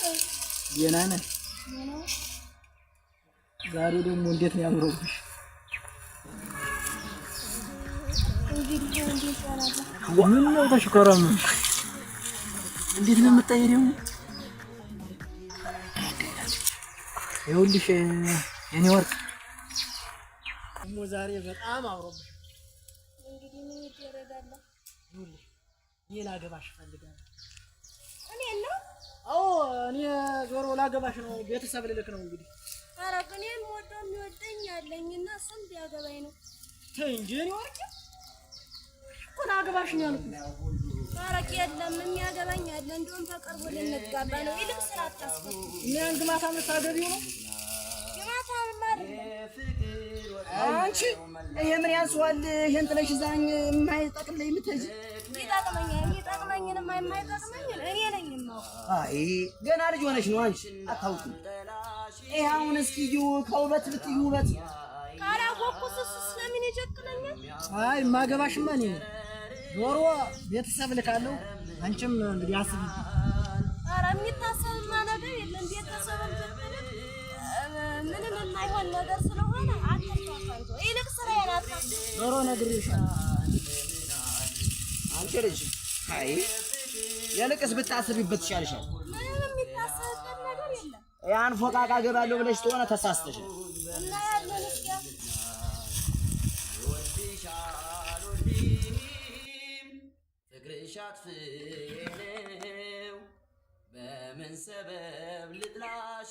ደህና ነህ? ዛሬ ደግሞ እንዴት ነው ያምሮብሽ? ምን ነው ተሽኮረመምሽ? እንዴት ነው የምታየው? ይኸውልሽ የኔ ወርቅ ደግሞ ዛሬ በጣም አምሮብሽ። እንግዲህ ምን ይደረጋል? ይኸውልሽ እኔ ላገባሽ እፈልጋለሁ። እኔ ነው አዎ እኔ ዞሮ ላገባሽ ነው፣ ቤተሰብ ልልክ ነው እንግዲህ። ኧረ እኔም ወደው የሚወደኝ አለኝና እሱም ቢያገባኝ ነው። ተይ እንጂ እኔ ወርቄ እኮ ላገባሽ ነው ያልኩት። ኧረ የለም የሚያገባኝ አለ፣ እንደውም ተቀርቦ ልንጋባ ነው። ይልቅ ስራ አታስፈ እኔ አንድ ማታ የምታገቢው ነው አንቺ ይሄ ምን ያንስዋል? ይሄን ጥለሽ እዛኝ የማይጠቅም ላይ የምትሄጂ እኔ ነኝ አይ ገና ልጅ ሆነሽ ነው አንቺ አታውቂም። ይሄ አሁን እስኪ ይው ከውበት ብትይ ውበት ካላወቅኩት ስለምን አይ ማገባሽማ እኔ ነኝ። ዶሮ ቤተሰብ ልካለሁ። አንቺም እንግዲህ አስቢ። ኧረ የሚታሰብማ ነገር የለም ቤተሰብ ምንም የማይሆን ነገር ስለሆነ ይልቅ ስራዬን ዞሮ ነግሬሻለሁ። አንቺ ልጅ አይ የልቅስ ብታስቢበት ይሻልሻል። ምንም የሚታሰብበት ነገር የለም። ያን ፎቃቃ ገባለሁ ብለሽ ተሆነ ተሳስተሻል። በምን ሰበብ ልጥላሽ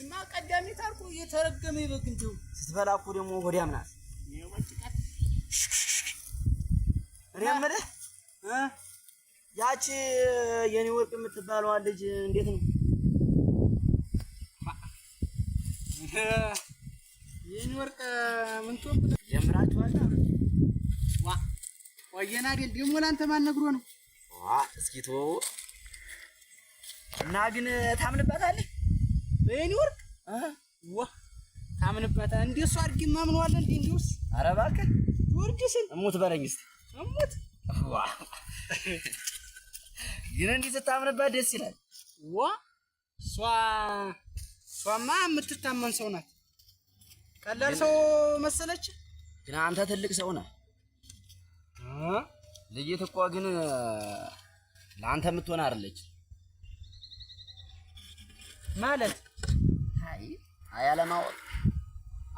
ይችማ ቀዳሚ ታርኩ እየተረገመ ይበግ እንደው ስትበላ እኮ ደግሞ ወዲያም ናት። እኔ የምልህ ያቺ የኔ ወርቅ ልጅ እንዴት ነው? የኔ ወርቅ ምን ዋ ወየና አይደል ደግሞ ለአንተ ማን ነግሮ ነው? ዋ እስኪ ተወው እና ግን ታምንባታለህ በእኔ ዋ ታምንበታ እንደ እሱ ማምነዋለ እንዲ እንዲውስ እባክህ እሙት በለኝ እስኪ እሙት ዋ ግን እንዲህ ስታምንበት ደስ ይላል። ዋ እሷ እሷማ የምትታመን ሰው ናት። ቀላል ሰው መሰለች። ግን አንተ ትልቅ ሰው ነህ። ልጅት እኮ ግን ለአንተ የምትሆን አይደለች ማለት አይ አለማወቅ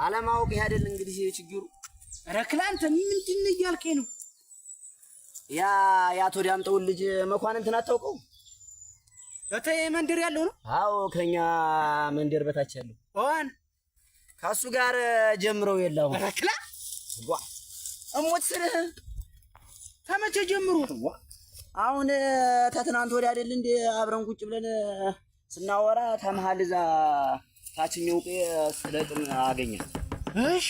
አለማወቅ ይሄ እንግዲህ ችግሩ። ኧረ ክላንተ ምንድን ነው እያልከኝ ነው? ያ የአቶ ዳምጠውን ልጅ መኳንንትን አታውቀውም? እተይ መንደር ያለው ነው። አዎ ከኛ መንደር በታች ያለው ኦን ከሱ ጋር ጀምረው የለው ረክላ ዋ እሞት ስርህ ከመቼ ጀምሮ አሁን ተትናንት ወዲያ አይደል እንደ አብረን ቁጭ ብለን ስናወራ ተመሃል እዛ ታችኛው ቀይ ስለቅም አገኘ። እሺ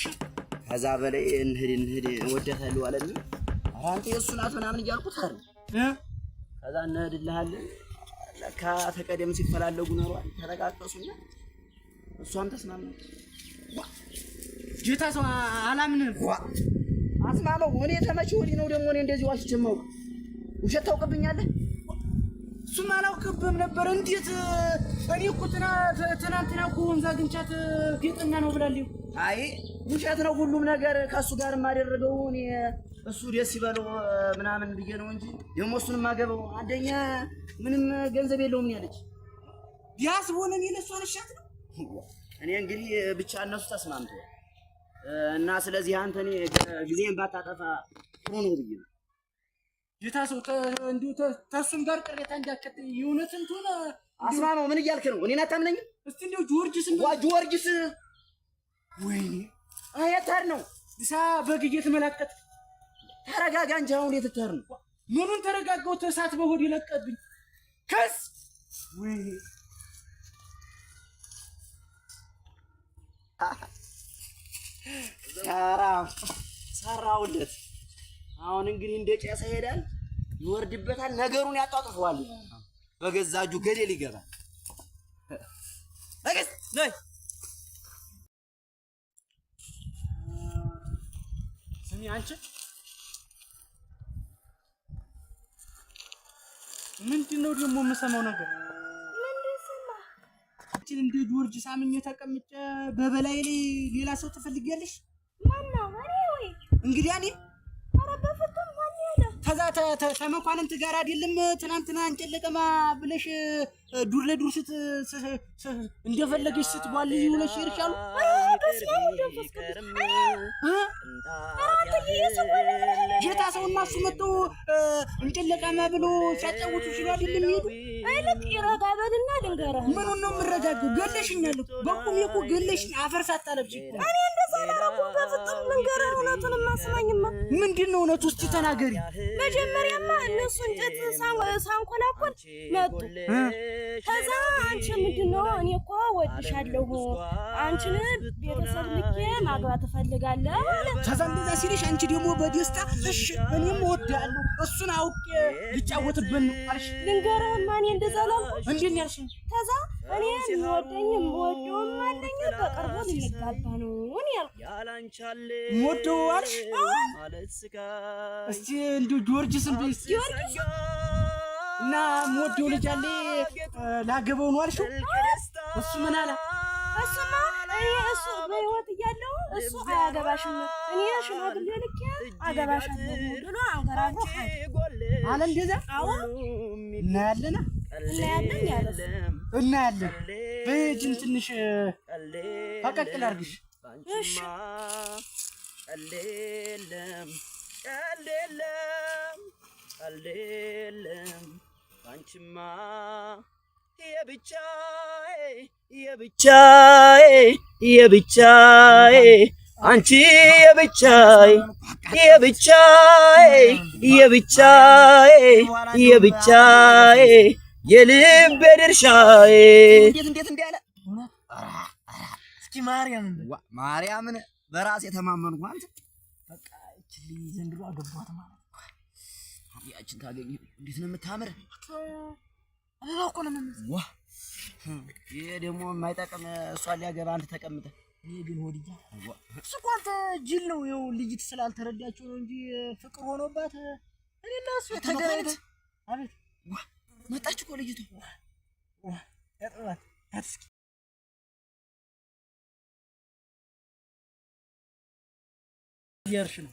ከዛ በላይ እንሂድ እንሂድ ወደታለሁ አለኝ። አንተ የእሱ ናት ምናምን እያልኩት አይደል እ ከዛ እንሂድልሃለን ለካ ተቀደም ሲፈላለጉ ኖሯል። ተለቃቀሱና እሷም ተስማማች። ጌታ ሰው አላምንም አስማማው። እኔ ተመቼ ወዲህ ነው ደግሞ እኔ እንደዚህ ዋሽቼ የማውቅ ውሸት ታውቅብኛለህ እሱም አላውቅብህም ነበር። እንዴት እኔ እኮ ትናንትና እኮ ወንዝ አግኝቻት ጌጥና ነው ብላለሁ። አይ ውሸት ነው ሁሉም ነገር። ከእሱ ጋር የማደረገው እኔ እሱ ደስ ይበለው ምናምን ብዬ ነው እንጂ ደግሞ እሱን የማገባው አንደኛ ምንም ገንዘብ የለውም ነው ያለች። ቢያስ ሆነ እኔ ለእሱ አልሻት ነው እኔ እንግዲህ ብቻ እነሱ ተስማምተው እና ስለዚህ አንተ እኔ ጊዜን ባታጠፋ ጥሩ ነው ብዬ ነው ጌታሰው እንዲሁ ተሱም ጋር ቅሬታ እንዳከተ የእውነትን ትሆነ አስማ ነው። ምን እያልክ ነው? እኔን አታምነኝም? እስቲ እንዲሁ ጆርጅስ ዋ ጆርጅስ፣ ወይኔ አያታር ነው ሳ በግ እየተመላከት ተረጋጋ እንጂ አሁን የትታር ነው? ምኑን ተረጋጋው? ተሳት በሆድ ይለቀብኝ ከስ ወይኔ ሰራው ሰራውለት አሁን እንግዲህ እንደ ጨሰ ሄዳል ይወርድበታል፣ ነገሩን ያጧጥፈዋል። በገዛ እጁ ገደል ይገባል። ነገስ ነይ ስሚ አንቺ ምንድን ነው ደግሞ የምሰማው ነገር? አንቺን እንደ ጆርጅ ሳምኝ ተቀምጬ በበላይ ላይ ሌላ ሰው ትፈልጊያለሽ? ማነው? እኔ ወይ እንግዲህ እኔ ተዛ ተመኳንንት ጋር አይደለም ትናንትና አንጨለቀማ ብለሽ ዱር ለዱር ስት እንደፈለገች ስት ስትቧል ይውለሽ ይርሻሉ። ጌታ ሰው እና እሱ መጥቶ እንጨለቃማ ብሎ ሲያጫውቱ ይችላል አይደለም ይሄዱ አይለት ይረጋ በልና ድንገራ ምን ነው የምረጋገው? ገለሽኛል በቁም የቁ ገለሽኝ። አፈር ሳታለብሽ እኔ እንደ መንገር እውነቱን ምንድን ነው እውነቱ? እስቲ ተናገሪ። መጀመሪያማ እነሱ እንጨት ሳንኮላኮል መጡ። ከዛ አንቺ ምንድን ነው እኔ እኮ ወድሻለሁ፣ አንቺን ቤተሰብ ልኬ ማግባት እፈልጋለሁ አለ። ከዛ እንደዛ ሲልሽ አንቺ ደግሞ በደስታ እሺ እኔም እወድሃለሁ እሱን አውቄ ልጫወትብን አልሽ። ልንገርህማ እኔ እንደዛ ነው እንዴት ያልሽ። ከዛ እኔ ወደኝም ወደውም አለኝ በቅርቡ ልንጋባ ነው ያልኩ ሞዶ አልሽ እስቲ እንዲ ጆርጅስ እና ሞዶ ልጅ አለ ላገበው ነው እሱ ምን አለ? እሱማ እሱ በህይወት እያለው እሱ አያገባሽም እኔ ሽማግሌ ብሎ አለ። እንደዛ እናያለን እናያለን እናያለን። በጅን ትንሽ ፈቀቅ አንቺማ ቀልድ የለም ቀልድ የለም ቀልድ የለም አንቺማ የብቻዬ የብቻዬ የብቻዬ አንቺ የብቻዬ የብቻዬ የብቻዬ የብቻዬ የልቤ ድርሻዬ እስኪ ማርያምን ማርያምን በራስ የተማመንኩ አንተ በቃ እቺ ልጅ ዘንድሮ አገባት ማለት ያችን ታገኝ። እንዴት ነው የምታምር! አበባ እኮ ነው የምመስል። ዋ ይሄ ደግሞ የማይጠቅም እሷን ሊያገባ አንተ ተቀምጠ። ይሄ ግን ወዲያ እሱ እኮ አንተ ጅል ነው። ይኸው ልጅት ስላልተረዳቸው ነው እንጂ ፍቅር ሆኖባት እኔና እሱ ተገናኝት። አቤት መጣች እኮ ዋ ያጥባት ያትስኪ እየሄድሽ ነው?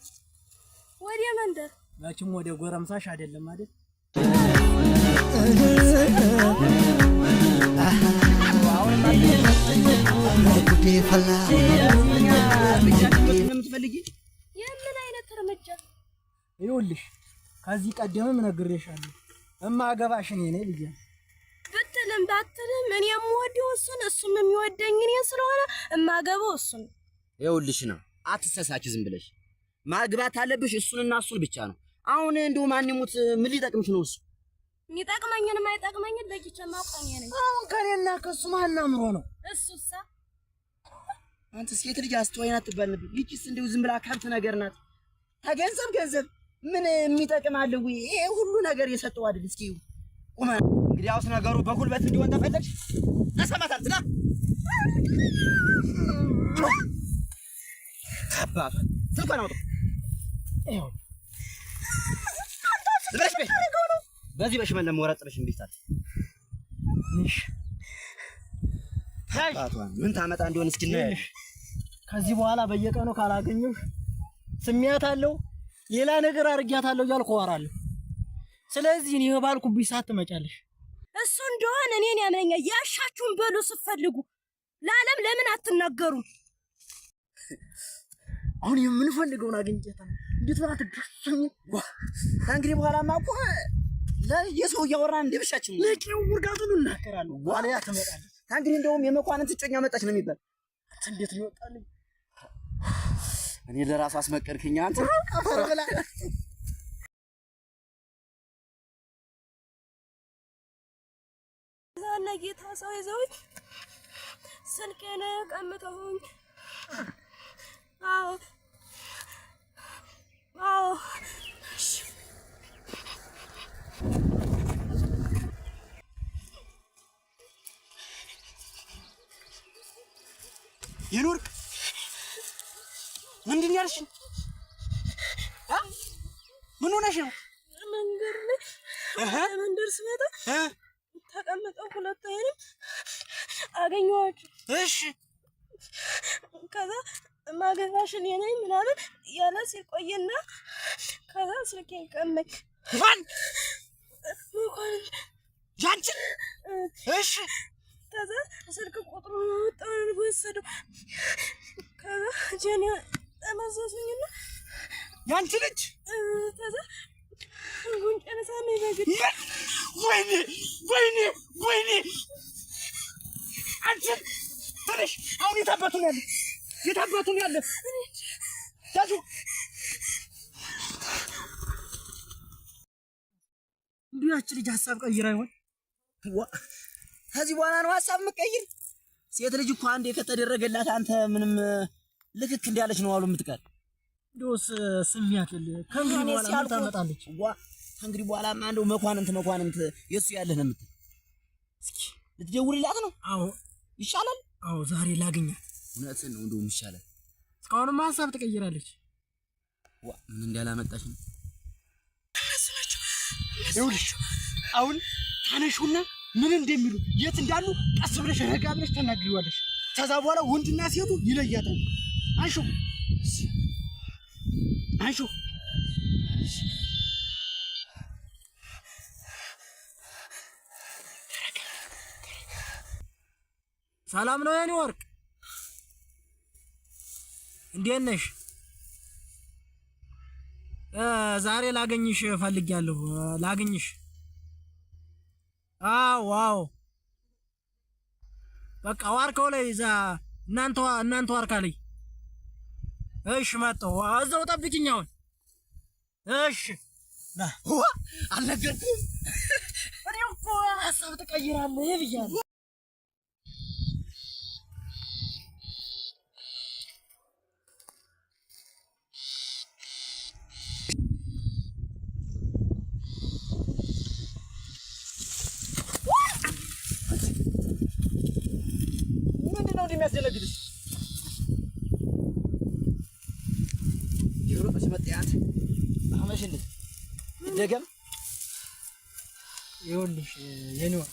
ወደ መንደር ያችም ወደ ጎረምሳሽ አይደለም አይደል? የምትፈልጊ የምን አይነት እርምጃ? ይኸውልሽ ከዚህ ቀደምም ነግሬሻለሁ እማገባሽ እኔ ነኝ ብዬሽ ብትልም ባትልም እኔ የምወደው እሱን እሱም የሚወደኝ እኔ ስለሆነ እማገባው እሱን። ይኸውልሽ ነው፣ አትሰሳች ዝም ብለሽ ማግባት አለብሽ። እሱንና እሱን ብቻ ነው። አሁን እንደው ማን ይሙት ምን ሊጠቅምሽ ነው? እሱ የሚጠቅመኝን የማይጠቅመኝን ለይቼ ማውቀኝ ነኝ። አሁን ከኔና ከሱ ማን አምሮ ነው? እሱሳ አንተ ሴት ልጅ አስተዋይ ናት ትባል ይቺስ እንደው ዝም ብላ ከብት ነገር ናት። ተገንዘብ ገንዘብ ምን የሚጠቅም አለ ወይ? ይሄ ሁሉ ነገር የሰጠው አይደል? እስኪ ቁመ እንግዲህ አውስ ነገሩ በጉልበት እንዲሆን ተፈለግሽ ተሰማታል ዝና አባባ ትልኳን አውጡ ይኸው ብለሽ በይ በዚህ በሽመን ለመወራት ጥለሽ እምቢ ታዲያ እሺ ምን ታመጣ እንደሆነ እስኪ እናያለን። ከዚህ በኋላ በየቀኑ ካላገኘሽ ስሚያታለሁ፣ ሌላ ነገር አድርጊያታለሁ እያልኩ እወራለሁ። ስለዚህ እኔ ባልኩብሽ ሰዓት ትመጫለሽ። እሱ እንደሆነ እኔን ያምነኛል። ያሻችሁን በሉ ስትፈልጉ፣ ለዓለም ለምን አትናገሩም? አሁን የምንፈልገውን አግኝቻታለሁ። እንዴት ሆና ትደርሱኝ? ከእንግዲህ በኋላ ማቆ ለየሰው እያወራን እንደ ብቻችን ለቂው ውርጋቱ እናከራለሁ። በኋላ ያ ትመጣለች። ከእንግዲህ እንደውም የመኳንንት እጮኛ መጣች ነው የሚባል። እንዴት ሊወጣልኝ እኔ ለራሱ አስመቀድከኝ አንተ አፈር ብላ ጌታ ሰው ይዘውኝ ስልኬን ቀምተውኝ አዎ የኖርቅ ምንድን ያልሽኝ? ምን ሆነሽ ነው? መንገድ ላይ መንደር ስመጣ ተቀምጠው ሁለት አይንም አገኘኋቸው። እሺ ከዛ ማገባሽ እኔ ነኝ ምናምን ያለ ሲቆይና ከዛ ስልኬ ቀመኝ። ያንቺን እሺ። ከዛ ስልክ ቁጥሩ ጠን ወሰደው። ከዛ ጀኔ ጠመዘሱኝና ያንቺ ልጅ ከዛ ጉንጬን ሳመኝ በግድ። ወይኔ ወይኔ ወይኔ! አንቺን ትንሽ አሁን የታበቱን ያለች የታባቱ ነው ያለ እንዲሁ ልጅ ሀሳብ ቀይራ ይሆን? ከዚህ በኋላ ነው ሀሳብ የምትቀይር ሴት ልጅ እኮ አንዴ ከተደረገላት አንተ ምንም ልክክ እንዳለች ነው አሉ የምትቀር። ከእንግዲህ በኋላ ምን ታመጣለች? ከእንግዲህ በኋላ መኳንንት መኳንንት የእሱ ያለህ ነው የምትል። እስኪ ልትደውልላት ነው? አዎ ይሻላል። አዎ ዛሬ እውነትን ነው እንደውም ይሻላል። እስካሁንማ ሀሳብ ትቀይራለች። ዋ ምን እንዳላመጣሽ ነው። አሁን ታነሹና ምን እንደሚሉ የት እንዳሉ ቀስ ብለሽ ረጋ ብለሽ ተናግሪዋለሽ። ከዛ በኋላ ወንድና ሴቱ ይለያታል። አንሹ አንሹ ሰላም ነው የኔ ወርቅ እንዴት ነሽ? ዛሬ ላገኝሽ ፈልጊያለሁ። ላገኝሽ። አዎ፣ ዋው። በቃ ዋርካው ላይ እዛ እናንተ እናንተ ዋርካ ላይ። እሺ፣ መጣሁ። እዛው ጠብቂኝ አሁን። እሺ፣ አልነገርኩም እኔ እኮ ሀሳብ ትቀይራለህ ብያለሁ። ይኸውልሽ የኔው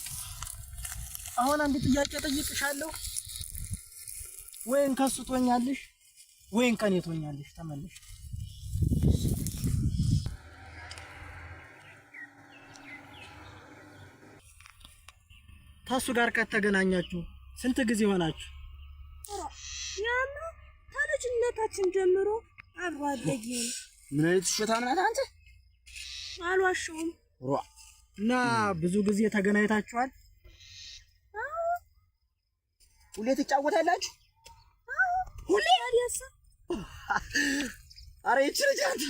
አሁን አንድ ጥያቄ ጠይቅሻለሁ። ወይን ከሱ ትሆኛለሽ ወይን ቀኔ ትሆኛለሽ። ተመለሽ ከሱ ጋር ከተገናኛችሁ ስንት ጊዜ ሆናችሁ? ያማ ከልጅነታችን ጀምሮ አብሮ አደጌ። ምን አይነት ሾታ ምናት አንተ? ሯ እና ብዙ ጊዜ ተገናኝታችኋል? ሁሌ ትጫወታላችሁ? ሁሌ አዲያስ አረ ይቺ ልጅ አንተ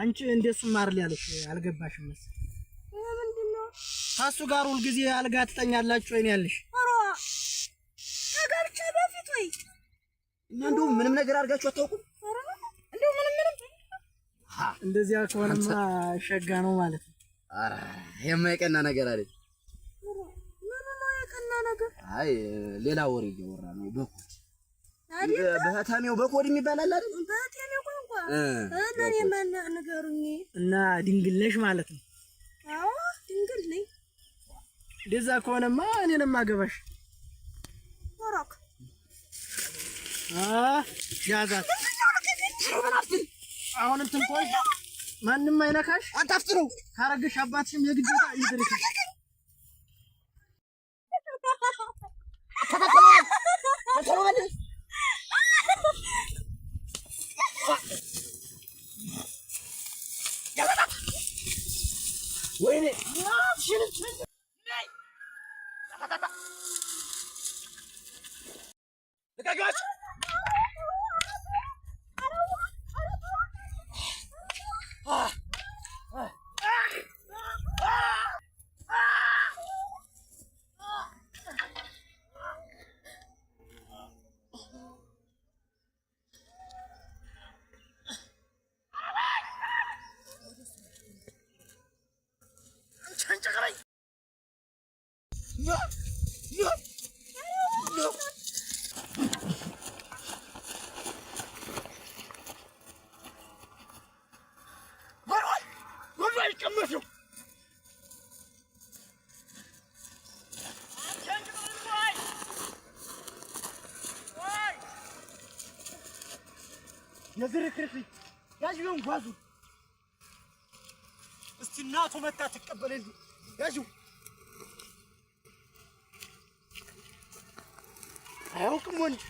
አንቺ እንደሱ ማርል ያለሽ አልገባሽም መሰለኝ። ምንድነው ታሱ ጋር ሁል ጊዜ አልጋ ትጠኛላችሁ ወይኔ ያለሽ አረ ተጋብቼ በፊት ወይ እና እንደው ምንም ነገር አድርጋችሁ አታውቁም? እንደው ምንም ምንም እንደዚያ ከሆነማ ሸጋ ነው ማለት ነው። የማይቀና ነገር አለ። አይ ሌላ ወሬ እያወራ ነው። በኮድ በህታሜው በኮድ የሚባል አለ አይደል? ነገሩኝ። እና ድንግል ነሽ ማለት ነው? አዎ ድንግል ነኝ። እንደዛ ከሆነማ ወራክ አ ያዛት አሁንም ማንም አይነካሽ፣ አታፍጥሩ። ካረገሽ አባትሽም የግዴታ ይድርሽ። የዝርክርክ ያዥ ቢሆን ጓዙ እስቲ እናቱ መታ ትቀበለል ያዥ አያውቅም ወንድ